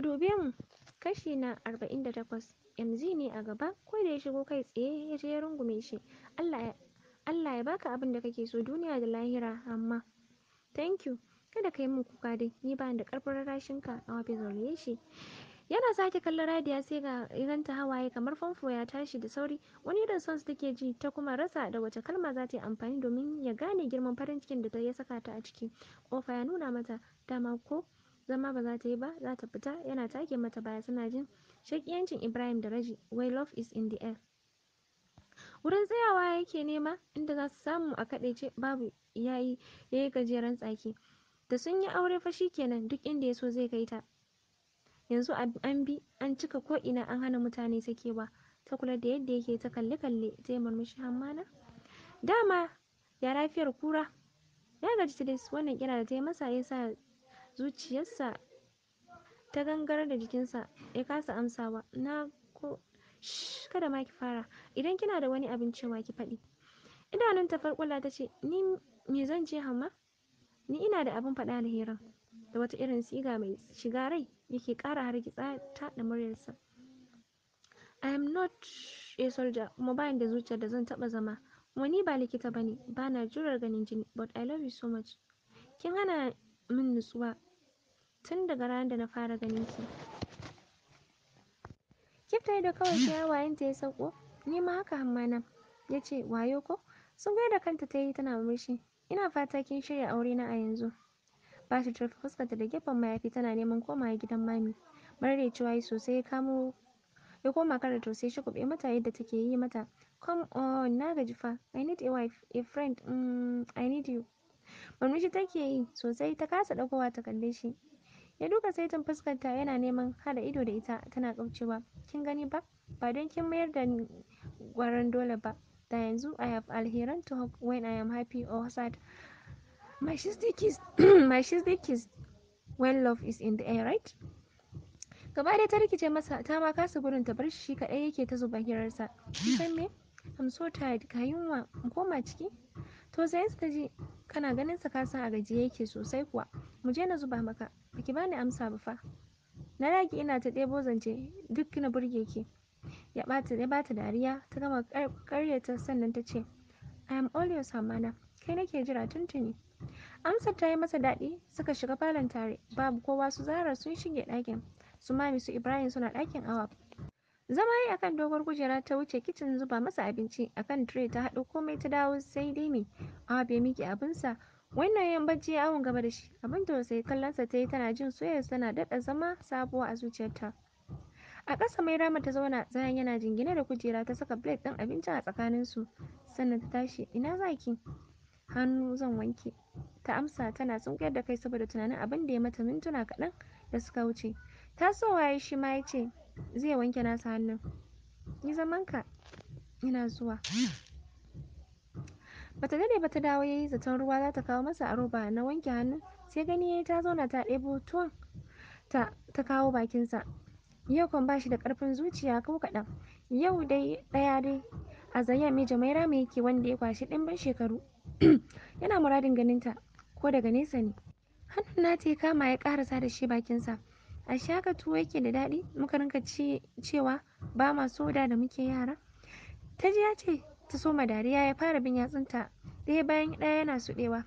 ku dube mu kashi na 48 MZ ne a gaba ko da ya shigo kai tsaye ya je ya rungume shi Allah ya baka abin da kake so duniya da lahira amma thank you kada ka yi min kuka dai ni ba da karfin rashin ka a wafi zaune shi yana sake kallon radiya sai ga hawa hawaye kamar famfo ya tashi da sauri wani irin sons take ji ta kuma rasa da wace kalma za ta yi amfani domin ya gane girman farin cikin da ta ya saka ta a ciki kofa ya nuna mata dama ko zama ba za ta yi ba za ta fita yana take mata baya suna jin shakiyancin ibrahim da raji wai love is in the air wurin tsayawa yake nema inda za su samu a kaɗaice babu yayi yayi gajeren tsaki da sun yi aure fashi kenan duk inda ya so zai kai ta yanzu an bi an cika ko ina an hana mutane sakewa ta kula da yadda yake ta kalle kalle ta yi murmushi hammana dama ya rafiyar kura ya gaji ta wannan kira da ta yi masa ya sa zuciyarsa ta gangarar da jikinsa ya kasa amsawa na ko kada ma ki fara idan kina da wani abin cewa ki faɗi ta farkula ta ce ni me zan ce hamma ni ina da abin faɗa da hiran da wata irin siga mai shiga rai yake ƙara hargitsa ta da muryarsa i am not a soldier kuma bani da zuciyar da zan taɓa zama kuma ni ba likita bane ba na jurar ganin jini but i love you so much kin hana min nutsuwa tun daga ranar da na fara ganin ki kifta da kawai yayin ta ya sauko ni ma haka hammana ya ce wayo ko sun da kanta ta yi tana murmushi ina fata kin shirya aure na a yanzu ba shi turfi fuskarta da gefen mayafi tana neman komawa gidan mami cewa yi sosai ya kamo ya koma kar to sai shi kuɓe mata yadda take yi mata come on na gaji fa i need a wife a friend mm, i need you murmushi take yi sosai ta kasa ɗagowa ta kalle shi ya duka saitin fuskarta yana neman hada ido da ita tana kaucewa kin gani ba ba don kin mayar da ni gwaron dole ba da yanzu i have alheran to hope when i am happy or sad my sister kiss my sister kiss when love is in the air right gaba dai ta rikice masa ta ma kasa gurin ta bar shi kadai yake ta zuba hirarsa kin me i'm so tired ka yunwa koma ciki sai ta ji kana ganin sa ka a gajiye yake sosai kuwa mu je na zuba maka baki bani amsa ba fa na dage ina ta ɗebo zance duk na burge ki ya bata ya bata dariya ta gama karyata sannan ta ce i am all yours hamana kai nake jira tuntuni amsar ta yi masa daɗi suka shiga falon tare babu kowa su zara sun shige ɗakin su mami su ibrahim suna ɗakin awa Zama yi akan dogon kujera ta wuce kicin zuba masa abinci akan tire ta haɗo komai ta dawo sai dai mai Awa bai miki abinsa. Wannan yan bacci ya awon gaba da shi. Abin sai kallonsa ta yi tana jin soyayyar tana daɗa zama sabuwa a zuciyarta. A ƙasa mai rama ta zauna zayan yana jingine da kujera ta saka plate ɗin abincin a tsakaninsu. Sannan ta tashi ina zaki? Hannu zan wanke. Ta amsa tana sunkuyar da kai saboda tunanin abin da ya mata mintuna kaɗan da suka wuce. Tasowa ya shi ma ya ce zai wanke nasa hannun. Yi zamanka ina zuwa. Bata daɗe ba ta dawo yayi zaton ruwa zata kawo masa a roba na wanke hannu sai gani yayi ta zauna ta ɗebo tuwon ta ta kawo bakinsa. Yau kam bashi da ƙarfin zuciya ko kaɗan. Yau dai ɗaya dai a Zayyam mai mai yake wanda ya kwashe ɗimbin shekaru. Yana muradin ganinta ko daga nesa ne. Hannun nata ya kama ya ƙarasa da shi bakinsa. a haka tuwo yake da daɗi muka rinka cewa ba ma soda da muke yara ta ji ya ce ta soma dariya ya fara bin yatsunta ɗaya bayan ɗaya yana suɗewa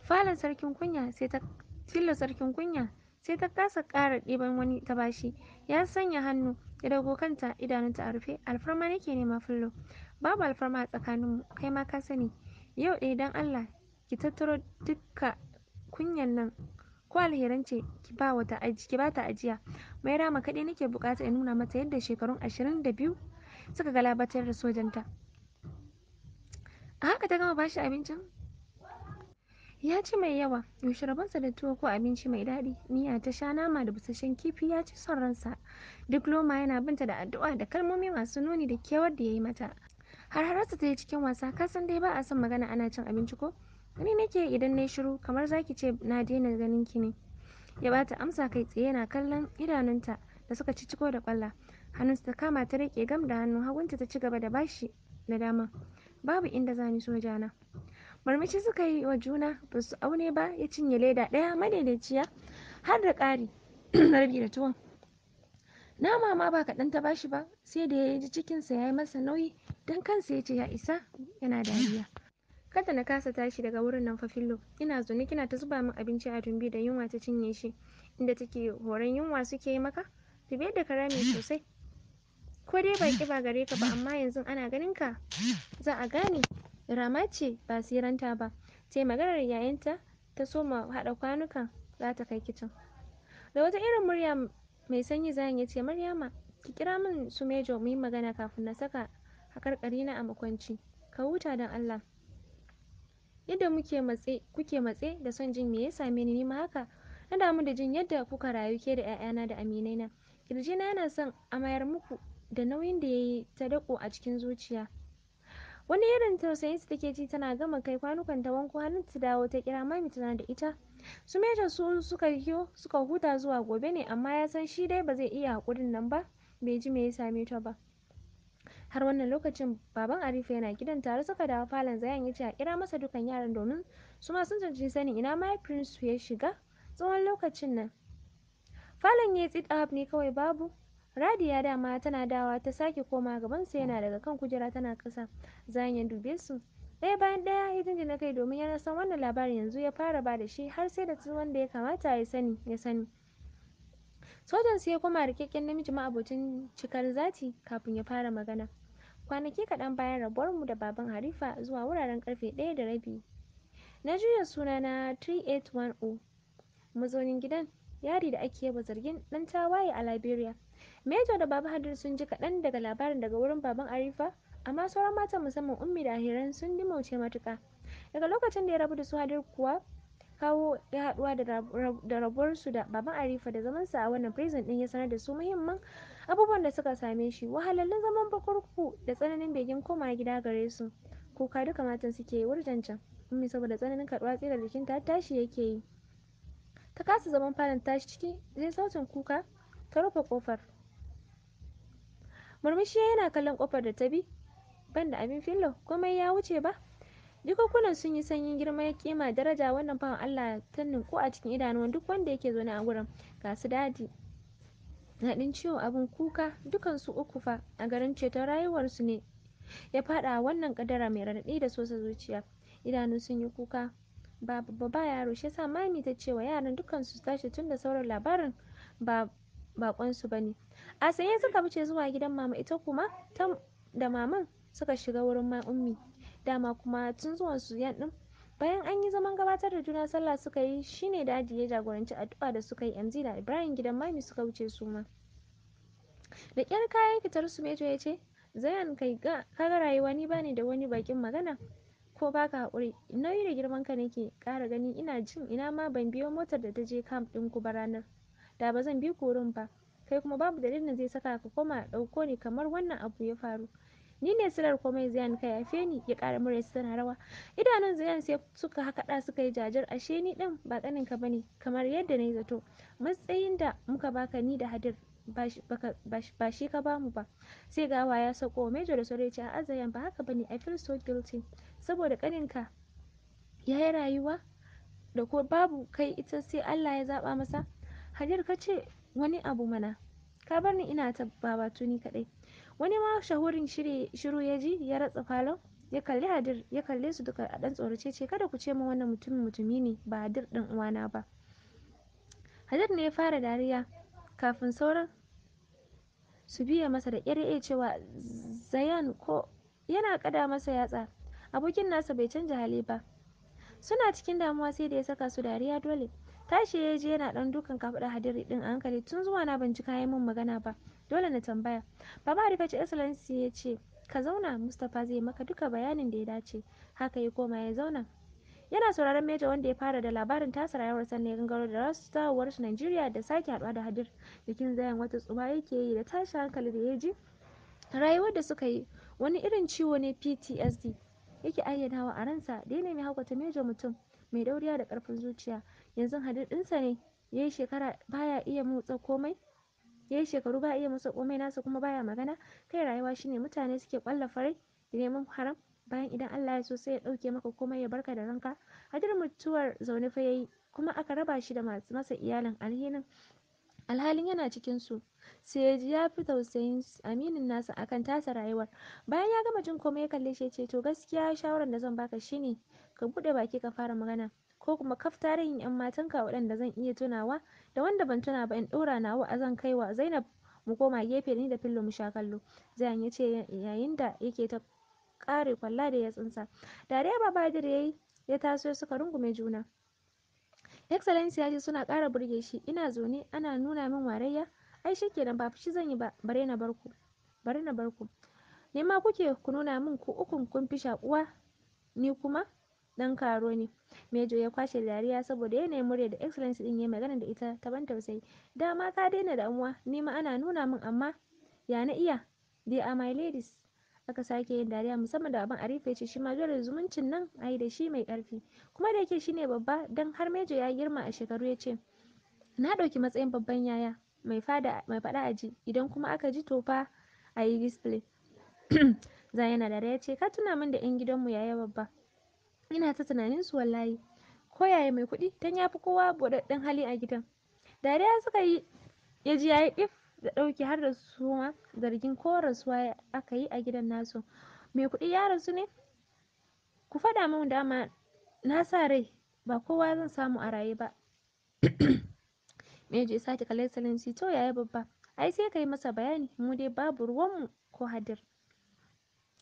falon sarkin kunya sai ta tilo sarkin kunya sai ta kasa ƙara ɗiban wani ta bashi ya sanya hannu ya dago kanta idanunta a rufe alfarma nake nema fullo babu alfarma a tsakaninmu kai ma ka sani yau ɗaya eh, don allah ki tattaro dukka kunyan nan ko alheran ce ki ba wata aji ki bata ajiya mai rama kaɗai nake bukata in nuna mata yadda shekarun ashirin da biyu suka galabatar da ta. a haka ta gama bashi abincin ya ci mai yawa yaushe rabonsa da tuwo ko abinci mai daɗi miya ta sha nama da busasshen kifi ya ci son ransa duk loma yana binta da addu'a da kalmomi masu nuni da kewar da ya yi mata har hararsa ta yi cikin wasa kasan dai ba a son magana ana cin abinci ko wani nake idan yi shiru kamar zaki ce na daina ganin ki ne ya bata amsa kai tsaye yana kallon idanunta da suka ci ciko da kwalla hannunsa ta kama ta rike gam da hannu hagunta ta ci gaba da bashi da dama babu inda zani soja na marmashi suka yi wa juna ba su aune ba ya cinye leda ɗaya madaidaiciya har da ƙari rabi da tuwon nama ma ba kaɗan ta bashi ba sai da ya ji cikinsa ya yi masa nauyi don kansa ya ce ya isa yana dariya Kada na kasa tashi daga wurin nan fa fillo. Ina zaune kina ta zuba min abinci a tumbi da yunwa ta cinye shi. Inda take horon yunwa suke yi maka? Dube da karami sosai. Ko dai ba ƙiba gare ka ba amma yanzu ana ganin ka. Za a gane. Rama ce ba siranta ba. ce maganar yayanta ta soma haɗa kwanuka za ta kai kicin. Da wata irin murya mai sanyi zan ya ce Maryama ki kira min su mejo mu magana kafin na saka haƙarƙari na a makwanci. Ka huta don Allah. Yadda muke matse, kuke matse da son jin me ya same ni nima haka na damu da jin yadda kuka rayu ke da 'ya'yana da aminaina. na yana son a mayar muku da nauyin da yayi ta daƙo a cikin zuciya. Wani irin su take ji tana gama kai kwanukan ta wanko hannun ta dawo ta kira mami tana da ita. Su meta su suka yo suka huta zuwa gobe ne amma ya san shi dai ba zai iya haƙurin nan ba bai ji me ya same ta ba. Har wannan lokacin baban Arifa yana gidan tare suka dawo falon Zayan ya ce a kira masa dukan yaran domin su ma sun cancanci sanin ina mahaifinsu ya shiga tsawon lokacin nan. Falon ya yi tsit up ne kawai babu radi ya dama tana dawa ta sake koma sa yana daga kan kujera tana kasa Zayan ya dube su. Ɗaya bayan ɗaya ya jinjina kai domin yana san wannan labarin yanzu ya fara ba da shi har sai da wanda ya kamata ya sani ya sani. Sojan sai ya koma rikakken namiji ma abocin cikar zati kafin ya fara magana. Kwanaki kaɗan bayan rabuwarmu da Baban Harifa zuwa wuraren ƙarfe ɗaya da rabi, na juya suna na 3810 mazaunin gidan yari da ake yaba zargin ɗan tawaye a Liberia. Major da Baba Hadid sun ji kaɗan daga labarin daga wurin Baban Harifa, amma sauran matan musamman Ummi da Ahiran sun dimauce matuƙa. Daga lokacin da ya rabu da su Hadid kuwa kawo ya haɗuwa da rabuwarsu da Baban Harifa da zamansa a wannan prison ɗin ya sanar da su muhimman abubuwan da suka same shi wahalhalun zaman kurkuku da tsananin begen koma gida gare su kuka duka matan suke yi ummi saboda tsananin karɓa tsirar jikinta har tashi yake yi ta kasa zaman falon tashi ciki sai sautin kuka ta rufe kofar murmushi yana kallon kofar da ta bi ban da abin fillo komai ya wuce ba jikokunan sun yi sanyin girma ya kima daraja wannan fahim allah ta ninku a cikin idanuwan duk wanda yake zaune a gurin ga su dadi Naɗin ciwon abin kuka dukansu uku fa a garin ceton rayuwarsu ne ya faɗawa wannan ƙadara mai raɗaɗi da sosa zuciya. Idanu sun yi kuka ba babba ba yaro shi yasa mami ta ce wa yaran dukansu su tashi tun da sauran labarin ba baƙonsu ba ne. A sanye suka wuce zuwa gidan mama ita kuma ta da maman suka shiga wurin ma ummi. Dama kuma tun zuwansu yan ɗin Bayan an yi zaman gabatar da juna sallah suka yi shi ne Dadi ya jagoranci addu'a da suka yi MZ da Ibrahim gidan Mami suka wuce su ma. Da ƙyar kayan fitar su Mejo ya ce, Zayan kai ga kaga rayuwa ni bani da wani bakin magana ko baka haƙuri nauyi da girman ka nake ƙara gani ina jin ina ma ban biyo motar da ta je camp ɗin ku ba ranar da ba zan bi ku wurin ba kai kuma babu dalilin zai saka ka koma ɗauko ne kamar wannan abu ya faru Ni ne sirar komai Ziyan ka yafe ni, ya ƙara ya tana rawa. Idanun Ziyan sai suka hakaɗa suka yi jajir, ashe ni ɗin ba ƙanin ba ne, kamar yadda na yi zato. Matsayin da muka baka ni da Hadir ba shi ka bamu ba sai gawa ya sauko. major da sauri ce a azayan ba haka bane i feel so guilty saboda ka ya yi rayuwa da ko babu kai ita sai Allah ya zaɓa masa hadir ka ce wani abu mana ka bar ni ina ta babatu ni kaɗai wani ma shahurin shiru ya ji ya ratsa falon ya kalli hadir ya kalle su duka a dan tsorace ce kada ku ce min wannan mutumin mutumi ne ba hadir din uwana ba hadir ne ya fara dariya kafin sauran su biya masa da ƙyar cewa zayan ko yana kada masa yatsa abokin nasa bai canja hali ba suna cikin damuwa sai da ya saka su dariya dole tashi ya je yana dan dukan kafaɗar hadiri din a hankali tun zuwa na ban ji kayan min magana ba Dole na tambaya. Baba harifa ce Excellency ya ce ka zauna Mustapha zai maka duka bayanin da ya dace. Haka ya koma ya zauna. Yana sauraron Meja wanda ya fara da labarin tasa rayuwar sannan ya gangaro da rasu dawowar su Najeriya da sake haɗuwa da Hadir. Jikin zayan wata tsuma yake yi da tashi hankali da ya ji. Rayuwar da suka yi wani irin ciwo ne PTSD yake ayyanawa a ransa da yanayi haukata Meja mutum mai dauriya da karfin zuciya. Yanzu Hadir dinsa ne ya yi shekara baya iya motsa komai ya yi shekaru ba iya masa komai nasa kuma baya magana kai rayuwa shine mutane suke kwalla farai da neman haram bayan idan Allah ya so sai ya ɗauke maka komai ya barka da ranka hadir mutuwar zaune fa yayi kuma aka raba shi da masu masa iyalin alhinin alhalin yana cikin su sai ya ji ya fi tausayin aminin nasa akan tasa rayuwar bayan ya gama jin komai ya kalle shi ya ce to gaskiya shawaran da zan baka shine ka buɗe baki ka fara magana ko kuma kaf tarihin 'yan ka waɗanda zan iya tunawa da wanda ban tuna ba in ɗora nawa a zan kai wa Zainab mu koma gefe ni da Fillo mu sha kallo. Zayan ya ce yayin da yake ta ƙare kwalla da yatsunsa. Dariya Baba yayi ya yi ya taso suka rungume juna. Excellency ya ce suna ƙara burge shi ina zaune ana nuna min warayya ai shi kenan ba fushi zan yi ba bare na barku bare na barku. Nema kuke ku nuna min ku ukun kun fi shakuwa ni kuma ɗan karo ne mejo ya kwashe dariya saboda yanayi murya da excellence din ya magana da ita ta ban tausayi dama ka daina damuwa ni ma ana nuna min amma ya na iya they are my ladies aka sake yin dariya musamman da abin a rufe ce shi ma dole zumuncin nan ayi da shi mai karfi kuma da yake shine babba dan har mejo ya girma a shekaru ya ce na ɗauki matsayin babban yaya mai fada mai faɗa a ji idan kuma aka ji to fa a yi display zayana dare ya ce ka tuna min da yan gidanmu yaya babba ina ta tunanin su wallahi ko yaya mai kuɗi dan yafi kowa buɗaɗɗen hali a gidan dariya suka yi ya ji yayi yi ɗif da ɗauki har da su ma zargin ko rasuwa aka yi a gidan nasu mai kuɗi ya rasu ne ku faɗa min dama na sa rai ba kowa zan samu a raye ba Mejo ya sake kalle salinsi to yaya babba ai sai ka yi masa bayani mu dai babu ruwanmu ko hadir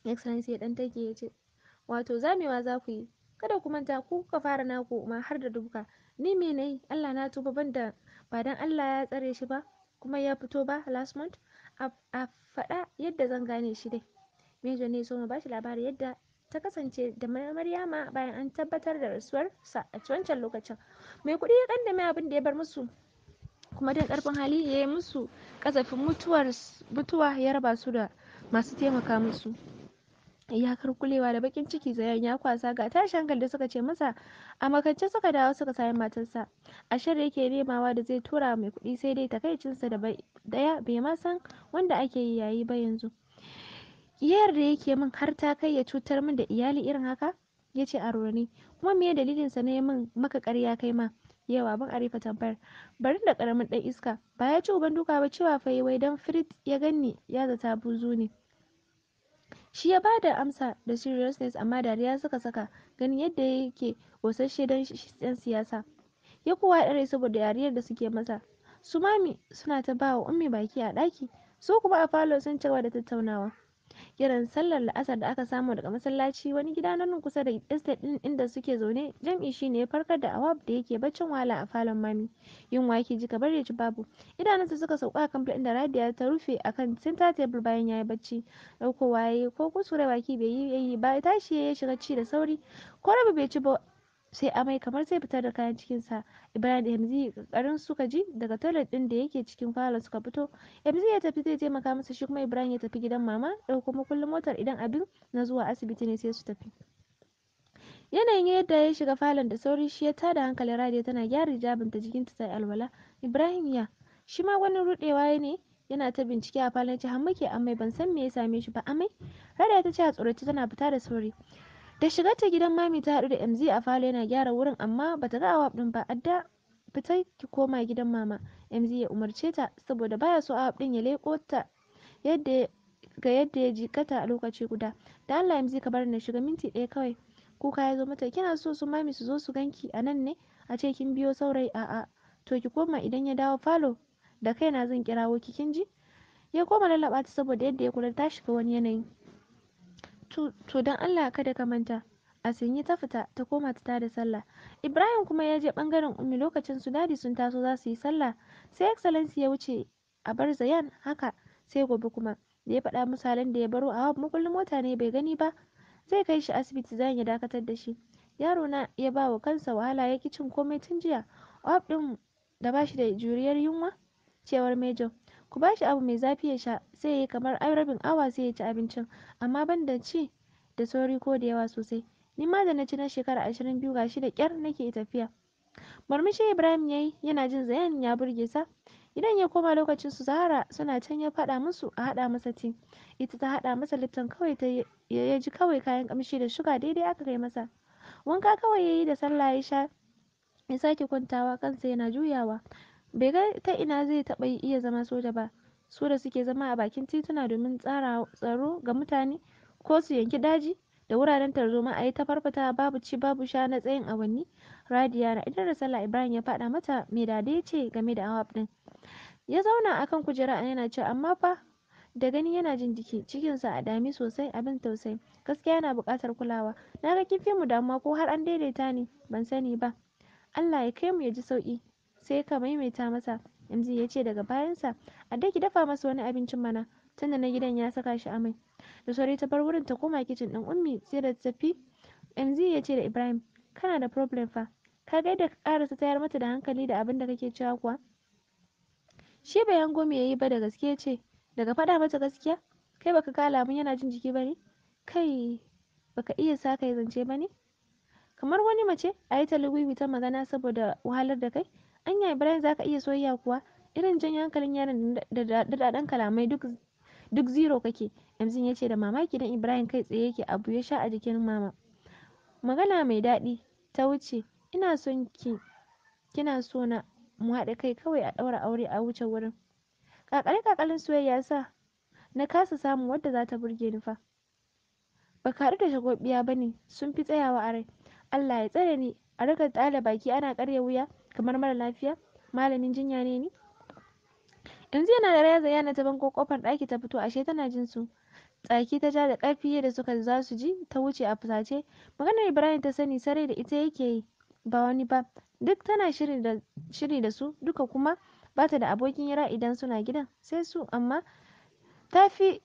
excellency ya dan take ya ce wato zamewa za ku yi kada ku manta ku kuka fara naku ma har da duka ni me nayi Allah na tuba banda ba dan Allah ya tsare shi ba kuma ya fito ba last month a faɗa yadda zan gane shi dai Major ne so mu bashi labari yadda ta kasance da Maryama bayan an tabbatar da rasuwar sa a wancan lokacin mai kuɗi ya kandame abin da ya bar musu kuma dan karfin hali ya yi musu kasafin mutuwa ya raba su da masu taimaka musu iyakar kulewa da bakin ciki zayan ya kwasa ga tashin hankali da suka ce masa a makance suka dawo suka sami matarsa a shirya yake nemawa da zai tura mai kuɗi sai dai takaicinsa da daya bai ma san wanda ake yi yayi ba yanzu yayar da yake min har ta kai ya cutar min da iyali irin haka ya ce a rorani kuma me dalilin sa ne min maka ƙarya kai ma yawa ban arifa tambayar bari da karamin ɗan iska ba ya ci uban duka ba cewa fa wai dan firit ya ganni ya zata buzu ne shi ya bada amsa da seriousness amma dariya suka saka ganin yadda yake wasasshe don yan siyasa ya kuwa dare saboda yariyar da suke masa su mami suna ta bawa ummi baki a ɗaki su kuma a falo sun cewa da tattaunawa kiran sallar la'asar da aka samu daga masallaci wani gida na nan kusa da estate din inda suke zaune jam'i shine ya farkar da awab da yake baccin wala a falon mami yin waki jika kabar ya ci babu idanunsa suka sauka kan plate da radiya ta rufe akan center table bayan yayi bacci dauko waye ko kusurai baki bai yi ba tashi ya shiga ci da sauri ko rabu bai ci ba sai amai kamar zai fitar da kayan cikinsa ibrahim da yamzi karin suka ji daga toilet din da yake cikin falo suka fito yamzi ya tafi zai taimaka masa shi kuma ibrahim ya tafi gidan mama ɗauko makullin motar idan abin na zuwa asibiti ne sai su tafi yanayin yadda ya shiga falon da sauri shi ya tada hankalin radiyo tana gyara ta jikinta ta alwala ibrahim ya shi ma wani rudewa ne yana ta bincike a falon ce har muke amai ban san me ya same shi ba amai rada ta ce a tsoraci tana fita da sauri da shiga ta gidan mami ta haɗu da mz a falo yana gyara wurin amma bata ga awab ɗin ba adda fitai ki koma gidan mama mz ya umarce ta saboda baya so awab ɗin ya leko ta yadda ga yadda ya jikata a lokaci guda da allah mz ka bar na shiga minti ɗaya kawai kuka ya zo mata kina so su mami su zo su ganki a nan ne a ce kin biyo saurayi a'a to ki koma idan ya dawo falo da kaina zan kirawo ki kin ji ya koma lallaba ta saboda yadda ya kula ta shiga wani yanayi to don Allah kada ka manta a sanyi ta fita ta koma ta tada sallah ibrahim kuma ya je bangaren ummi lokacin su dadi sun taso za su yi sallah sai excellency ya wuce a bar zayan haka sai gobe kuma da ya faɗa misalin da ya baro a makullin mota ne bai gani ba zai kai shi asibiti zan ya dakatar da shi yaro na ya ba wa kansa wahala ya komai tun jiya awab din da ba shi da juriyar yunwa cewar major ku ba shi abu mai zafi ya sha sai yi kamar rabin awa sai ya ci abincin amma ban da ci da sauri ko da yawa sosai ni ma da na ci na shekara ashirin biyu gashi da kyar nake tafiya murmushi ibrahim ya yi yana jin zayan ya burge sa idan ya koma lokacin su zahara suna can ya faɗa musu a haɗa masa ti ita ta haɗa masa lipton kawai ta ya ji kawai kayan kamshi da shuga daidai aka kai masa wanka kawai yayi da sallah ya sha ya sake kwantawa kansa yana juyawa bai ga ta ina zai taɓa iya zama soja ba su da suke zama a bakin tituna domin tsara tsaro ga mutane ko su yanki daji da wuraren tarzoma a yi ta farfata babu ci babu sha na tsayin awanni radiya na idan da sallah ibrahim ya faɗa mata mai da ce game da awab din ya zauna akan kujera a yana cewa amma fa da gani yana jin jiki cikinsa a dami sosai abin tausayi gaskiya yana buƙatar kulawa na ga kin fi mu damuwa ko har an daidaita ne ban sani ba Allah ya kai mu ya ji sauki sai ka maimaita masa MG ya ce daga bayansa a ki dafa masa wani abincin mana tunda na gidan ya saka shi amai da sauri ta bar wurin ta koma kicin din ummi sai da tafi MZ ya ce da Ibrahim kana da problem fa ka ga yadda karasa tayar mata da hankali da abin da kake cewa kuwa shi bai hango me yayi ba da gaske ce daga faɗa mata gaskiya kai baka kala alamun yana jin jiki bane kai baka iya sa yi zance ne kamar wani mace a yi ta magana saboda wahalar da kai Anya Ibrahim za ka iya soyayya kuwa? Irin janyo hankalin yaron da daɗaɗɗen kalamai duk duk zero kake. yanzu ya ce da mamaki dan Ibrahim kai tsaye yake abu ya sha a jikin mama. Magana mai daɗi ta wuce ina son ki kina so na mu haɗa kai kawai a ɗaura aure a wuce wurin. Kakare kakalin soyayya sa na kasa samun wadda za ta burge ni fa. Ba haɗu da shagobiya ba ne sun fi tsayawa a rai. Allah ya tsare ni a rika tsala baki ana karya wuya kamar mara lafiya malamin jinya ne ni yanzu yana da raya yana ta banko kofar ɗaki ta fito ashe tana jin su tsaki ta ja da ƙarfi da suka za su ji ta wuce a fusace maganar ibrahim ta sani sarai da ita yake ba wani ba duk tana shiri da su duka kuma ba ta da abokin yara idan suna gidan sai su amma ta fi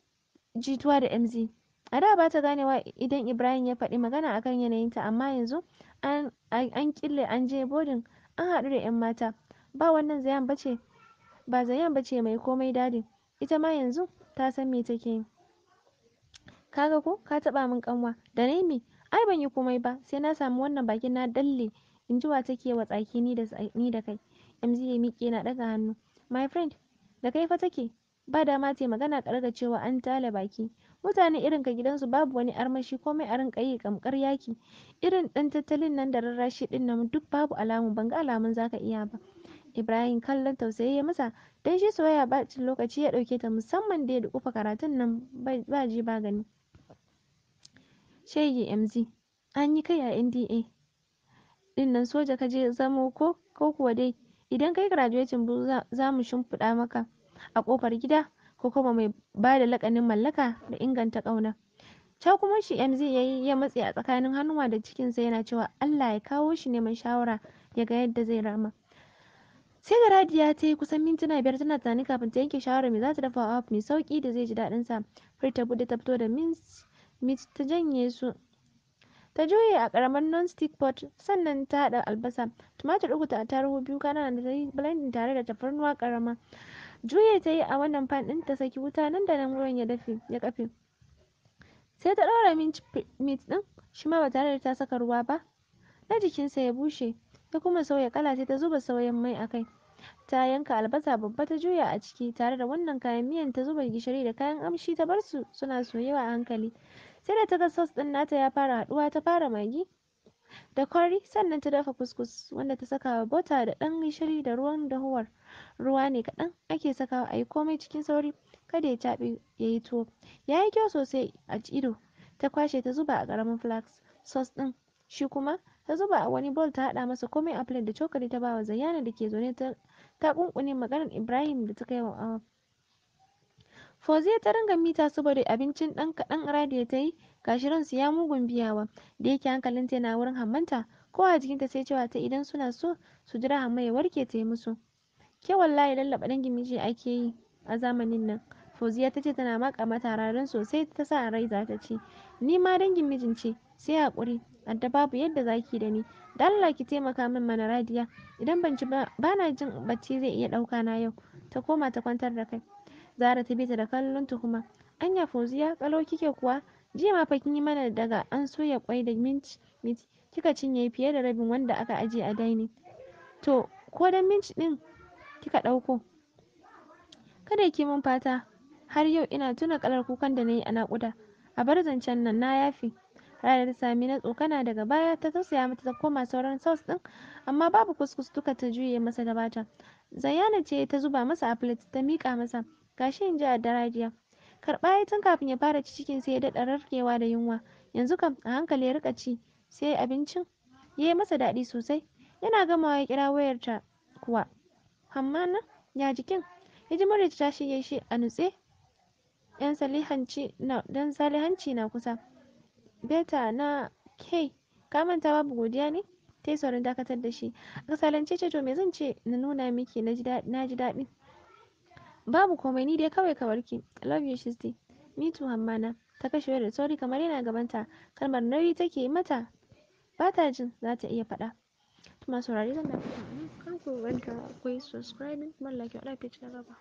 jituwa da mz a da ba ta ganewa idan ibrahim ya faɗi magana akan yanayinta amma yanzu an kille an je bodin an haɗu da 'yan mata ba wannan zayan bace ba zayan bace mai komai dadi ita ma yanzu ta san me take yi kaga ko ka taɓa min kanwa da nai me ai ban yi komai ba sai na samu wannan bakin na dalle in ji wa take wa tsaki ni da ni da kai MZ ya miƙe na ɗaga hannu my friend da kai fa take ba dama tai magana ka cewa an tale baki mutane irin ka gidansu babu wani armashi komai a rinka yi kamkar yaki irin ɗan tattalin nan da rarrashi din nan duk babu alamu ban ga alamun zaka iya ba ibrahim kallon tausayi ya masa dan shi soyayya cin lokaci ya dauke ta musamman da ya dukufa karatun nan ba ji ba gani shege mz an yi kai a nda din nan soja ka je zamo ko ko kuwa dai idan kai graduating za mu shimfiɗa maka a kofar gida ko kuma mai ba da lakanin mallaka da inganta ƙauna cakuman shi mz ya yi ya matse a tsakanin hannuwa da cikinsa yana cewa allah ya kawo shi neman shawara ya ga yadda zai rama sai da radiya ta yi kusan mintuna biyar tana tunani kafin ta yanke shawara mai za ta dafa wa mai sauki da zai ji daɗin sa fir ta bude ta fito da mint ta janye su ta juye a karamar non-stick pot sannan ta haɗa albasa tumatir uku ta attaruhu biyu kanana da ta yi blending tare da tafarnuwa karama juye ta yi a wannan fan ɗin ta saki wuta nan da nan wurin ya dafe ya kafe sai ta ɗaura mint ɗin shi ma ba tare da ta saka ruwa ba na jikinsa ya bushe ya kuma sauya kala sai ta zuba sauyan mai a kai ta yanka albasa babba ta juya a ciki tare da wannan kayan miyan ta zuba gishiri da kayan amshi ta bar su suna soyewa a hankali sai da ta ga sos ɗin nata ya fara haɗuwa ta fara maggi. da kwari sannan ta dafa kuskus wanda ta saka wa bota da ɗan gishiri da ruwan dahuwar ruwa ne kaɗan ake sakawa a yi komai cikin sauri kada ya caɓe ya yi tuwo ya yi kyau sosai a ido ta kwashe ta zuba a ƙaramin flask sos ɗin shi kuma ta zuba a wani bowl ta haɗa masa komai a plate da cokali ta bawa zayyana da ke zaune ta ta ƙunƙune maganar ibrahim da ta kai wa awa fauziya ta ringa mita saboda abincin ɗan kaɗan radiya ta yi gashi ransu ya mugun biyawa da yake hankalinta yana wurin hammanta ko a jikinta sai cewa ta idan suna so su jira hamma ya warke ta yi musu ke wallahi lallaba dangin miji ake yi a zamanin nan fauziya ta ce tana maka matararin sosai ta sa rai za ta ce ni ma dangin mijin ce sai haƙuri adda babu yadda zaki da ni da Allah ki taimaka min mana radiya idan ban ci ba na jin bacci zai iya ɗauka na yau ta koma ta kwantar da kai zara ta bi ta da kallon tuhuma anya fauziya kalo kike kuwa Jiya ma fa kin yi mana daga an soya kwai da minci kika cinye fiye da rabin wanda aka ajiye a dining. To ko dan minci ɗin kika ɗauko? Kada ki min fata har yau ina tuna kalar kukan da na yi a naƙuda. A bar zancen nan na yafe. ranar ta sami na tsokana daga baya ta tausaya mata ta koma sauran sauce ɗin amma babu kuskus duka ta juye masa da bata. Zayyana ce ta zuba masa a plate ta miƙa masa. Gashi in ji a darajiya. karɓa ya tun kafin ya fara ci cikin sai ya daɗa rarkewa da yunwa yanzu kam a hankali ya rika ci sai abincin ya yi masa daɗi sosai yana gamawa ya kira wayar ta kuwa amma nan ya jikin ya ji muryar ta shige shi a nutse yan salihanci na dan salihanci na kusa beta na k ka manta babu godiya ne ta yi saurin dakatar da shi a kasalance ce to me zan ce na nuna miki na ji daɗi babu komai ni dai kawai ka warke love you shisti ni too hammana ta kashe wayar da sauri kamar yana gabanta kalmar nauyi take mata bata jin za ta iya faɗa kuma saurari zan na fita kan ku wanda akwai subscribing kuma like your page na gaba